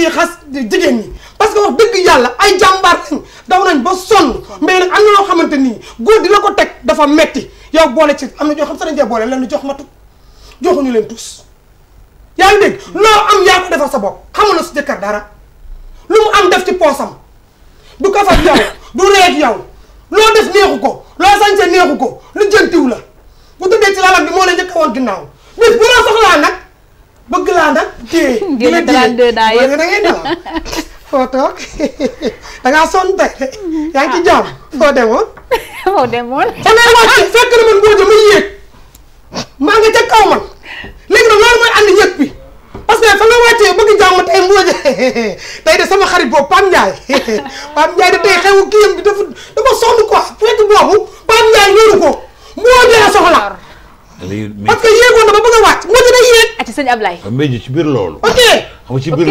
ciy xas jigéen ñi parce que wax dëgg yàlla ay jàmbaar lañ daw nañ ba sonn mais nag am na loo xamante nii góor di la ko teg dafa yow boole ci am na ñoo xam sa dañ boole leen jox matu joxuñu leen tus yaa ngi dégg loo am yaa ko defal sa bopp xamul na su jëkkër dara lu mu am def ci poosam du kafak yow du reeg yow loo def neexu ko loo sañse neexu ko lu jëntiw la bu tëddee ci laalam bi moo la njëkk a woon ginnaaw bis bu la soxlaa nag bëgg laa nag téye. di la téye da ngay nelaw foo toog da yaa ngi ci jàmm. foo demoon. foo demoon. da fekk na man Mbodj ma yéeg maa nga ca kaw man léegi nag loolu mooy ànd yëg bi parce que nga wàccee boobu Pape Ndiaye Pape Ndiaye de tey xewu kiyam bi dafa ko Mbodj ba bëgg a wàcc Mbodj day sëñ Ablaye. mbéy ji ci biir loolu. ok xam nga ci biir